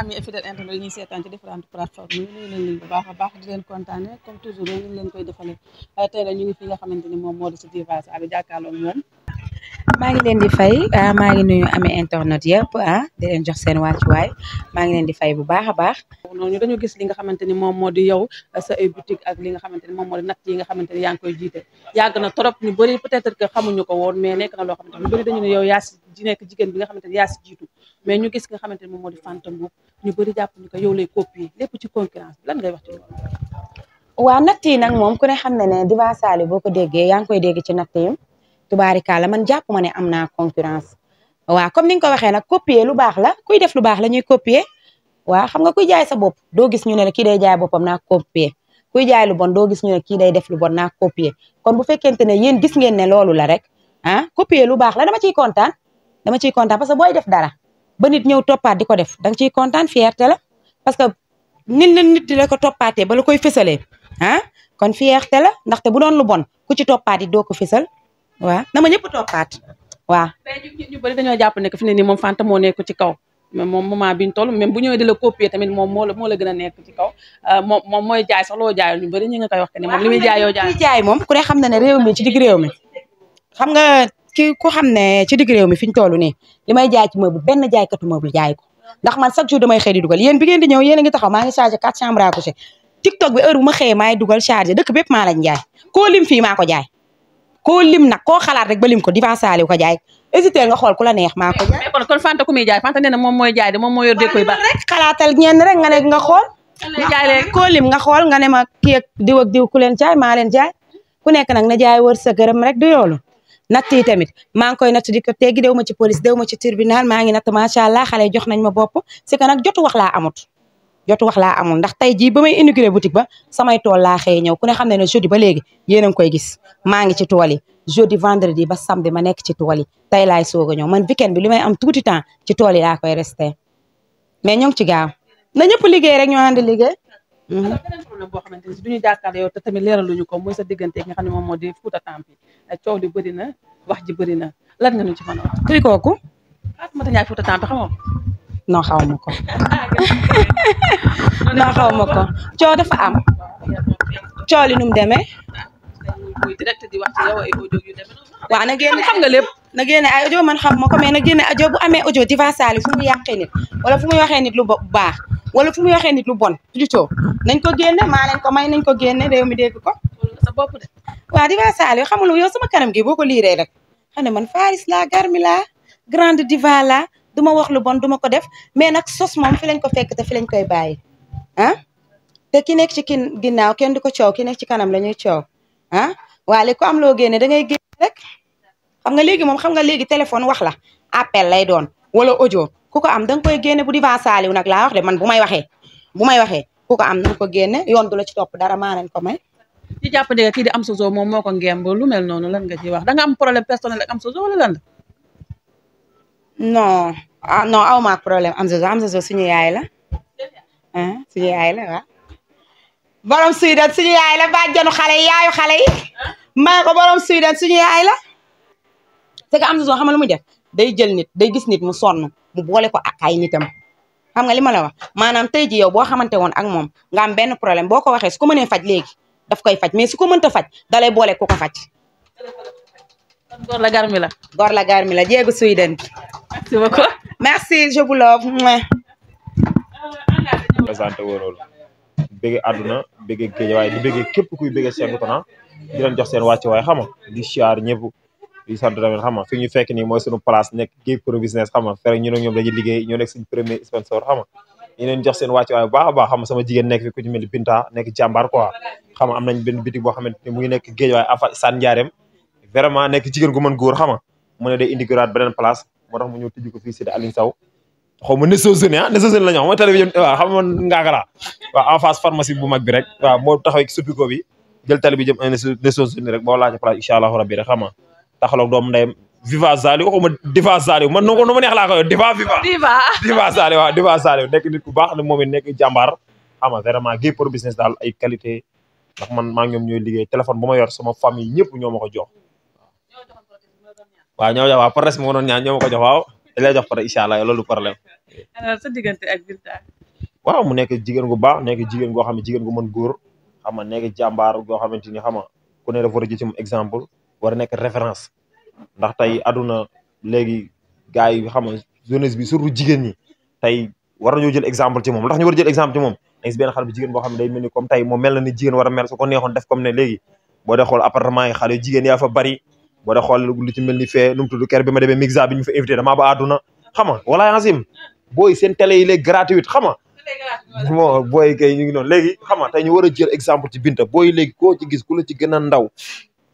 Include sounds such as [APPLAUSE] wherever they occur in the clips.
am yi fidèle internet yi ñuy seetaan ci différentes plateformes yi nuyu nañ leen bu baax a baax di leen kontaane comme toujours ñu ngi leen koy defalee tey la ñu ngi fi nga xamante ni moom moo di si Diva Saly jàkkaarloo moom maa ngi leen di fay ah, maa ngi nuyu amee internet yëpp ah di leen jox seen wàccuwaay maa ngi leen di fay bu baax a baax noonu dañu gis li nga xamante ni moom moo di yow ah, sa ay boutique nga xamante ni moom moo di natt nga xamante ni yaa ngi koy jiite yàgg na trop ñu ko woon mais na loo xamante ñu bëri bi nga xamante ni yaa si jiitu mais ñu gis nga xamante ni moom moo di Fanta Mboup ñu bëri jàpp ni ko yow lay copier lépp ci concurrence lan ngay wax ci loolu waaw natt moom ku ne xam ne ne Diva Saliou boo ko déggee yaa ngi koy dégg ci natt yi tubaarikàlla man jàpp ma ne am naa concurrence waaw comme ni nga ko waxee nag copier lu baax la kuy def lu baax la ñuy copier waaw xam nga kuy jaay sa bopp doo gis ñu ne la kii day jaay boppam naa copier kuy jaay lu bon doo gis kii day def lu bon naa copier kon bu fekkente ne yéen gis ngeen ne loolu la rek ah copier lu baax la dama ciy kontaan dama ciy kontaan parce que booy def dara ba nit ñëw toppaat di ko def danga ciy kontaan fierté la parce que nit na nit di la ko toppaatee ba la koy fësalee ah kon fierté la ndaxte bu doon lu bon ku ci toppaat yi doo ko fësal waaw dama ñëpp toppaat waaw tey ñu bëri dañoo jàpp ne fi ne moom Fanta moo nekk ci kaw moom moment bi ñu toll même bu ñëwee di la copier tamit moom moo la moo la gën a nekk ci kaw euh, moom moom mooy jaay nga koy wax que ne moom li muy jaay moom ku ne xam na ne réew mi ci digg réew mi xam nga ku xam ne ci digg réew mi fi ñu toll nii li may jaay ci meuble benn jaaykatu meuble jaay ko ndax man chaque jour damay xëy di dugal yéen bi di ñëw yéen ngi taxaw maa ngi chargé quatre chambres à coucher TikTok bi heure ma xëyee maay dugal chargé dëkk bépp maa lañ fii maa ko jaay koo lim nag koo xalaat rek ba lim ko Diva Saliou ko jaay hésité nga xool ku la neex maa ko jaay. Fanta ku muy jaay Fanta nee na moom mooy moom moo yor dékoy ba rek xalaatal ñenn rek nga ne nga xool. jaay leen koo nga xool nga ne ma kii ak diw ak diw ku leen jaay maa leen jaay ku nekk nag na jaay wër sa gërëm rek du yoolu natt yi tamit maa ngi koy natt di ko teggi dew ma ci police dew ma ci tribunal maa ngi natt macha allah xale jox nañ ma bopp c'est que nag jotu wax laa jot wax laa amul ndax tey jii ba may bu boutique ba samay tool laa xëy ñëw ku ne xam ne ne jeudi ba léegi yéen a ngi koy gis maa ngi ci tool yi jeudi vendredi ba samedi ma nekk ci tool yi tey laay soog a ñëw man weekend bi li may am tuuti temps ci tool yi koy resté mais ñoo ngi ci gaaw na ñëpp liggéey rek ñoo ànd liggéey. Mhm. beneen problème boo xamante ni du ñu jàkkaarloo yow te tamit leeraluñu ko mooy sa diggante ak nga moom moo di Fouta Tampi bëri na wax ji bëri na lan nga ñu ci mën a wax. kuy kooku Fatoumata Ndiaye non xaw ma ko [LAUGHS] non xaw ma ko coo dafa am cooli num demee waaw na génne xam nga lépp na génne ay audio man xam ma ko mais na génne bu amee audio Diva Saly fu mu wala fu muy waxee nit lu baax wala fu muy waxee nit lu bon plutôt nañ ko génne maa leen ko may nañ ko génne réew mi dégg ko sa bopp de waaw Diva Saly xamul sama kanam gi boo ko liiree rek xam ne man Faris laa Garmi laa grande diva laa du ma wax lu bon du ma ko def mais nag sos moom fi lañ ko fekk te fi koy bàyyi ah te ki nekk ci kin ginnaaw kenn du ko coow ki nekk ci kanam la ñuy coow ah waale ku am loo génne da ngay génne rek xam nga léegi moom xam nga léegi téléphone wax la appel lay doon wala audio ku ko am da nga koy génne bu divan saaliw nag laa wax de man bu may waxee bu may waxee ku ko am na nga ko yoon du la ci topp dara maa leen ko may ci jàpp ne kii am soso moom moo ko ngemb lu mel noonu lan nga ci wax da nga am problème personnel ak am soso wala lan non ah non problème am zozo am yaay la ah suñu yaay la waaw borom Sweden suñu yaay la bàjjenu xale yi yaayu xale yi may ko borom Sweden suñu yaay la c'est que am zozo xam la lu mu def day jël nit day gis nit mu sonn mu boole ko ak ay nitam. xam nga li ma la wax maanaam tey ji yow boo xamante woon ak moom nga benn problème boo ko waxee su ko mënee faj léegi daf koy faj mais su ko mënta faj dalay boole ku ko faj. góor la garmi la. góor la garmi la jéegu Sweden bi. merci beaucoup. merci je vous love. présenté wóorool bëgg àdduna bëgg géejawaay di bëgg képp kuy bëgg seen Konar di leen xam nga di siyaar ñëpp di sant tamit xam nga fi place nekk géej pro business xam nga fere ñu ne ñoom dañuy liggéey ñoo nekk suñu premier sponsor jox seen wàccuwaay bu baax a xam nga sama jigéen nekk fi ku ci mel ni Binta nekk jàmbaar quoi xam nga benn bitik boo xamante ni mu ngi nekk géejawaay afa Sane Ndiarème vraiment nekk jigéen gu mën góor xama mu ne day indiguraat beneen place moo tax mu ñëw tëj ko fii cité Aline Sow xaw ma Nesteo Sene ah Nesteo Sene en face pharmacie bu mag bi rek waaw allahu rabbi rek xama taxaloog doomu ndeyam Viva Saliou waxuma Diva Saliou man nu ko Diva Viva Diva Saliou waaw Diva Saliou ne moom it nekk jàmbaar vraiment gay pour business daal liggéey téléphone bu ma yor sama famille ñëpp ñoo jox waaw ñoo jox waaw Paradise moo doon o ñoo ma ko jox waaw dañ lay jox pare incha allah loolu problème. alors sa diggante ak Binta. waaw mu nekk jigéen gu baax nekk jigéen goo xam ne jigéen gu mën góor xam nga nekk jàmbaar goo xamante ni xam nga ku ne dafa war a war nekk référence ndax tey aduna léegi gars yi xam nga surtout jigéen ñi tey war nañoo jël exemple ci moom ñu war a jël exemple ci moom da gis benn xale bu jigéen boo xam ne day mel ni comme tey moom na ni a mel su ko neexoon def comme ne léegi boo dee xool appartement yi xale yu jigéen fa bari boo xool lu ci mel ni fee nu mu ma demee mixa bi ñu fa invité damaa ba àdduna xam wala Azim booy seen télé yi gratuite xam nga bon booy kay ngi noonu léegi xam nga tey ñu war a jël exemple ci Binta booy léegi koo ci gis ku la ci gën a ndaw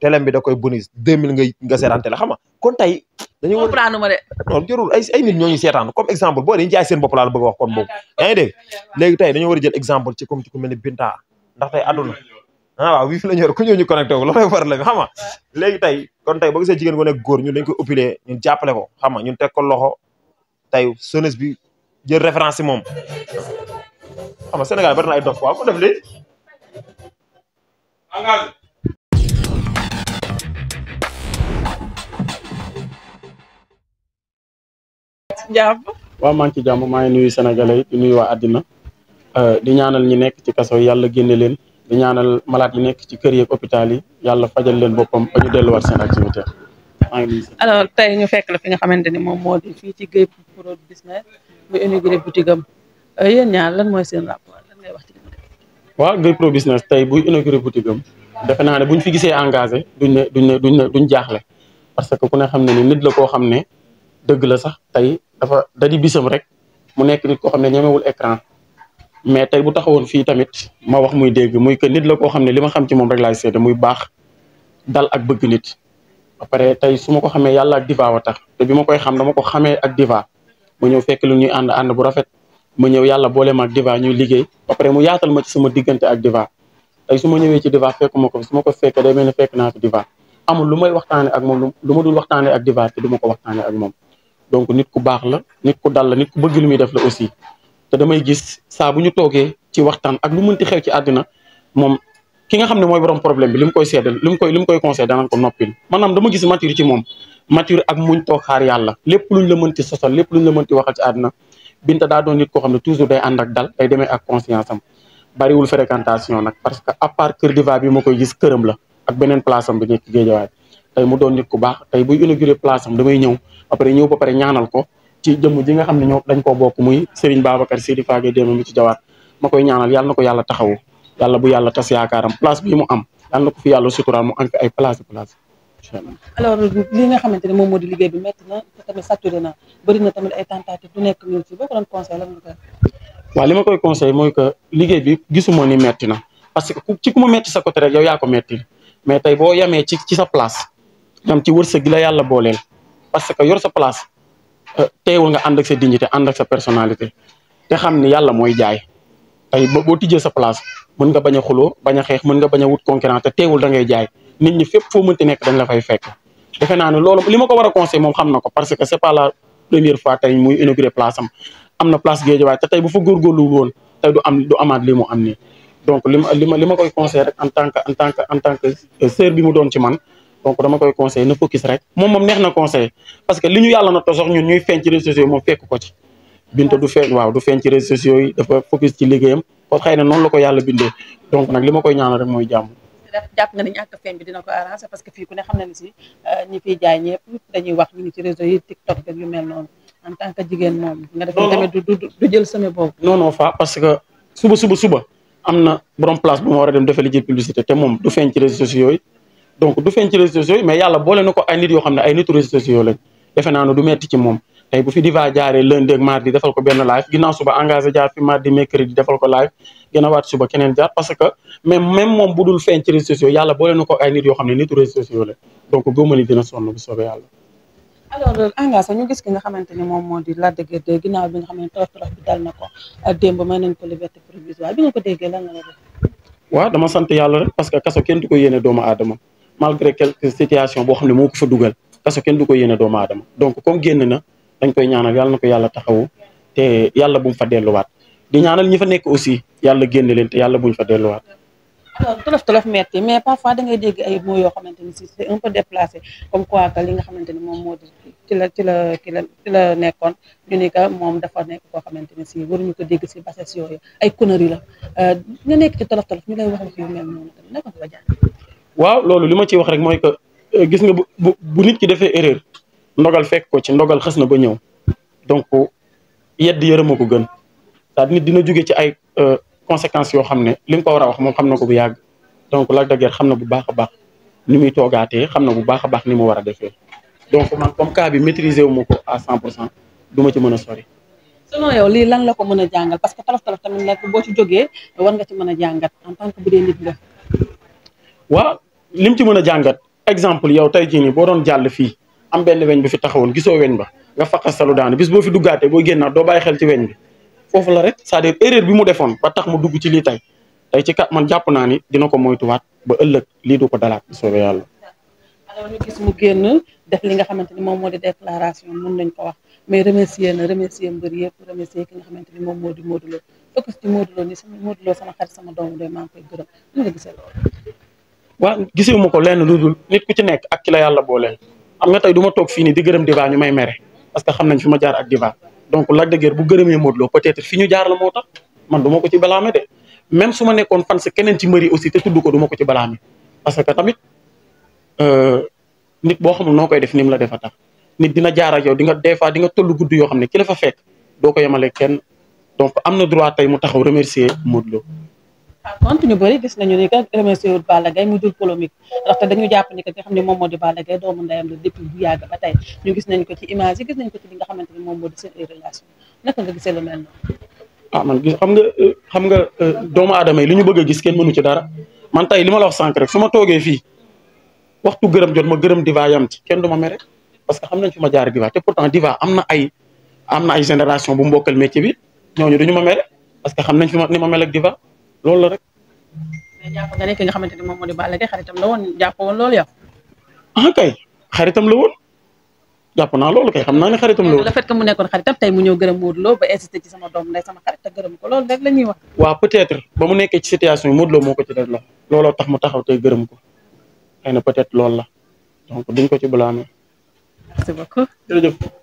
télém bi da koy bonus 2000 nga nga seetaan télé xam nga kon tey dañu comprendre ma de non jërul ay ay seetaan comme exemple boo dañu jaay seen bopp laa la bëgg wax kon boobu war exemple ci comme ci ku Binta ndax tey àdduna ah waaw wii la ñor ku ñëw ñu connecté wu loolu problème bi xam nga léegi tey kon tey boo gisee jigéen gu nekk góor ñun dañ koy opilé ñun jàppale ko xam nga ñun teg tey jeunesse bi jël référence si moom xam nga Sénégal bari na ay dox quoi ko def lii. jàmm. waaw ci jàmm maa ngi nuyu sénégalais yi di nuyu waa àddina euh, di ñaanal ñi nekk ci kaso yàlla génne leen. di ñaanal malade yi nekk ci kër yeeg hôpital yi yàlla fajal leen boppam ba ñu delluwaat seen activité alors tey ñu fekk la fi nga xamante ni moom moo di fii ci Gueye Prod Business mu inauguré boutique am euh, lan mooy seen rapport lan Business tey buy inauguré boutique am defe naa ne buñ fi gisee engagé duñ ne duñ ne duñ ne duñ jaaxle parce que ku ne xam ne ni nit la koo xam ne dëgg la sax tey dafa da di bisam rek mu nekk nit koo xam ne ñemewul écran mais tey bu taxawoon fii tamit ma wax muy dégg muy que nit la koo xam ne li ma xam ci moom rek laay seede muy baax dal ak bëgg nit. ba pare tey su ma ko xamee yàlla ak diva wa tax te bi ma koy xam dama ko xamee ak diva ma ñëw fekk lu ñuy ànd ànd bu rafet ma ñëw yàlla boole ma ak diva ñuy liggéey ba pare mu yaatal ma ci sama diggante ak diva tey su ma ñëwee ci diva fekk ma ko su ma ko fekkee day mel ni fekk naa fi diva amul lu may waxtaanee ak moom lu ma dul waxtaanee ak diva te du ma ko waxtaanee ak moom donc nit ku baax la nit ku dal la nit ku bëgg lu muy def la aussi. te damay gis saa bu ñu toogee ci waxtaan ak lu mënti xew ci àddina moom ki nga xam ne mooy borom problème bi li mu koy seedal li mu li mu koy conseil danañ maanaam dama gis mature ci moom mature ak muñ toog xaar yàlla lépp luñ la mënti sosal lépp luñ la mënti waxal ci àddina Binta daa doon nit koo xam ne toujours day ànd ak dal day demee ak conscience am bariwul fréquentation nag parce que à part Kër Diva bi koy gis këram la ak beneen place am bi nekk Géejawaay tey mu doon nit ku baax tey buy inauguré place am damay ñëw après ñëw ba pare ñaanal ko ci jëmm ji nga xam ne ñoom dañ koo bokk muy Serigne Babacar Sidi Fage Démé mi ci jawaat ma koy ñaanal yàlla na ko yàlla taxawu yàlla bu yàlla tas yaakaaram place bii mu am yàlla na ko fi yàlla suturaal mu am fi ay place li moom moo di liggéey bi métti na te na nekk ñun si li ma koy conseil mooy que liggéey bi gisuma ni metti na parce que ci ku mu metti sa côté rek yow yaa ko metti mais tey boo yamee ci ci sa place dem ci wërsëg gi la yàlla booleel parce que yor sa place Euh, teewul nga ànd ak sa dignité ànd ak sa personnalité te xam ni yàlla mooy jaay bo boo tijjee sa place mën nga bañ a xuloo bañ a xeex mën nga bañ a wut concurrence te teewul da ngay jaay nit ñi fépp foo mënti nekk dañ la fay fekk defe naa ne loolu li ma ko war a conseil moom xam na ko parce que c'est pas la première fois tey muy inauguré place am am na place Guédiawaye te tey bu fa góorgóorlu woon tey du am du li mu am nii donc li ma li li ma koy conseil rek en tant que en tant que en euh, bi mu doon ci man donc dama koy conseil na focus rek moom moom neex na conseil parce que li ñu yàlla na tosox ñun ñuy feeñ ci réseaux sociaux moom fekk ko ci Binta du feeñ waaw du feeñ ci réseaux yi dafa ma koy ñaanal rek mooy jàmm jàpp nga ni ñàkk dina ko arrangé parce que fii ku ne xam na euh, dañuy wax ñu ngi ci réseau yi TikTok ak yu mel noonu jël semé boobu non non fa parce que suba suba suba am na borom place bu ma war a dem defali ji publicité te moom du feeñ ci réseaux sociaux yi donc du feeñ réseaux sociaux yi mais yàlla boole na ko ay nit yoo xam ne ay nitu réseaux sociaux lañ defe naa ne du metti ci moom parce que même même moom bu dul feeñ ci réseaux sociaux ko ay nit yoo xam ne euh, ki nga xamante ni moom moo di Lac de Guiers 2 ginnaaw bi ne ko euh, démb may nañ dama sant yàlla rek parce que kaso kenn du ko yéene doomu aadama malgré quelques situations boo xam ne moo ko fa dugal kaso kenn du ko yéene doomu aadama donc comme génn na dañ koy ñaanal yàlla na ko yàlla taxawu te yàlla bu mu fa delluwaat di ñaanal ñi fa nekk aussi yàlla génn leen te yàlla buñ fa delluwaat. alors tolof tolof metti mais parfois da ngay dégg ay mots yoo xamante ni si c'est un ni moom moo di ci la nekkoon ñu ni moom dafa nekk koo xamante ni si waruñu ko dégg si bases yooyu ay conneries la euh, nga nekk ci tolof tolof ñu lay wax yu mel noonu tamit waaw loolu li ma ciy wax rek mooy que euh, gis nga bu bu nit ki defee erreur ndogal fekk ko ci ndogal xas na ba ñëw donc yedd yërëma ko gën cest à nit dina jóge ci ay euh, conséquences yoo xam ne li ko war a wax moom xam na ko bu yàgg donc la de xam na bu baax a baax ni muy toogaatee xam na bu baax a baax ni mu war a defee donc man comme cas bi maîtriser wu ma ko à 100 pour cent du ma ci mën a sori. lii lan la ko mën a jàngal parce que talof talof boo ci jógee war ci mën a jàngat en tant waa lim ci mën a jàngat exemple yow tey jii nii boo doon jàll fii am benn weñ bi fi taxawoon gisoo weñ ba nga salu daanu bis boo fi duggaatee boo génnaat doo bàyyi xel ci weñ bi foofu la rek cest à bi mu defoon ba tax mu dugg ci lii tey tey ci kat man jàpp naa ni dina ko moytuwaat ba ëllëg lii du ko dalaat soobee yàlla. alors ñu gis mu génn def li nga xamante ni moom moo di déclaration mën nañ ko wax mais remercier na remercier mbër yëpp remercier ki nga moo di Modou sama sama xarit sama doomu doy maa waa gisee ma ko lenn lu dul nit ku ci nekk ak ki la yàlla booleel am nga tey duma toog fii nii di gërëm Diva ñu may mere parce que xam nañ fi ma jaar ak Diva donc la de bu gërëmee Modou Lo peut-être fi ñu jaar la moo tax man du ko ci balaame de même su ma nekkoon fan sa keneen ci mbëri te tudd ma ko ci balaame parce que tamit euh, nit boo xamul noo koy def ni mu la defa tax nit dina jaar ak yow di nga des fois di nga toll gudd yoo xam ne ki la fa fekk doo ko yemale kenn donc am na droit tey mu taxaw remercier Modou par contre gis nañu ni que remercié wul Balla Gaye mu jur polémique ndaxte dañu jàpp ni xam ne moom moo di Balla Gaye gis nañ ko ci image yi gis moom moo di seen ay ah, man gis xam nga euh, xam nga euh, doomu adama yi li ñu bëgg a gis kenn mënu ci dara man tey li ma la wax sànq rek su ma toogee fii waxtu gërëm jot ma gërëm diva yam ci kenn du ma mere parce que xam nañ fi ma jaar diva te pourtant diva am na ay na ay génération bu mbokkal métier bi ñooñu duñu ma mere parce que xam nañ fi ma ni ma mel ak diva loolu la rek. mais jàpp nga ne ki moom moo di Balla la woon jàpp woon loolu yow. ah kay xaritam la woon jàpp naa loolu kay xam naa ne xaritam la woon. le fait que mu nekkoon xaritam tey mu ñëw gërëm Modou Lo ba insisté ci sama doom ndey sama xarit te gërëm ko loolu la nekkee ci situation yi Modou Lo moo ko ci def la looloo tax mu taxaw tey gërëm ko xëy na peut-être loolu la donc duñ ko ci blâmer. merci beaucoup